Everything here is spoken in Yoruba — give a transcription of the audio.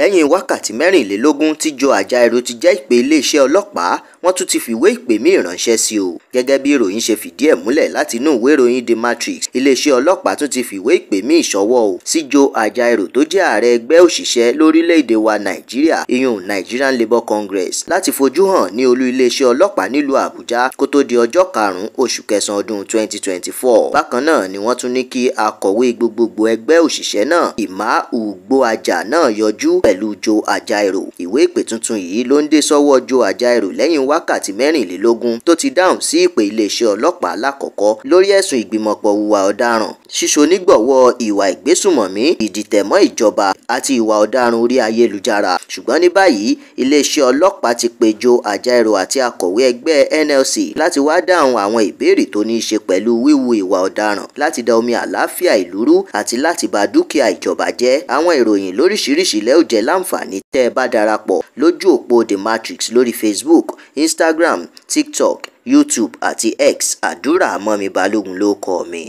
lẹ́yìn wákàtí mẹ́rìnlélógún tí joe ajaero ti jẹ́ ìpè iléeṣẹ́ ọlọ́pàá wọ́n tún ti fìwé ìpè mí ìránṣẹ́ sí o gẹ́gẹ́ bí ìròyìn ṣe fìdí ẹ̀ múlẹ̀ láti inú ìwé ìròyìn The Matrix iléeṣẹ́ ọlọ́pàá tún ti fìwé ìpè mí ìṣọwọ́ o sí Joe Ajaero tó jẹ́ ààrẹ ẹgbẹ́ òṣìṣẹ́ lórílẹ̀‐èdè wa Nàìjíríà ìyún Nigerian Labour Congress láti fojú hàn ní olú iléeṣẹ́ ọlọ́pàá nílùú Àbújá kó tó di ọjọ́ karùn-ún oṣù kẹsàn-án ọdún 2024 bákan náà ni wọ́n tún ní kí akọ̀wé gbogbogbò ẹgbẹ́ òṣìṣẹ́ náà Ìmá Ugboaja náà yọjú pẹ̀lú Joe Ajaero ìwé ìpè tuntun yìí ló ń dé sọ́wọ́ Joe Ajaero lẹ́yìn wá wákàtí mẹ́rìnlélógún tó ti dáhùn sí ìpè iléeṣẹ́ ọlọ́pàá alákọ̀ọ́kọ́ lórí ẹ̀sùn ìgbìmọ̀pọ̀ hùwà ọ̀daràn ṣíṣonígbọ̀wọ́ ìwà ìgbésùmọ̀mí ìdìtẹ̀mọ́ ìjọba àti ìwà ọ̀daràn orí ayélujára ṣùgbọ́n ní báyìí iléeṣẹ́ ọlọ́pàá ti péjọ Àjàyírò àti akọ̀wé ẹgbẹ́ NLC láti wá dáhùn àwọn ìbéèrè tó ní í ṣe pẹ̀lú wíwu ìwà ọ̀daràn láti da omi àlàáfíà ìlú rú àti láti ba dúkìá ìjọba jẹ́ àwọn ìròyìn lóríṣiríṣi lẹ́ò jẹ́ láǹfààní tẹ́ ẹ bá darapọ̀ lójú òpó The Matrix lórí Facebook instagram tiktok youtube àti x àdúrà mọ́mi balógun ló kọ mi.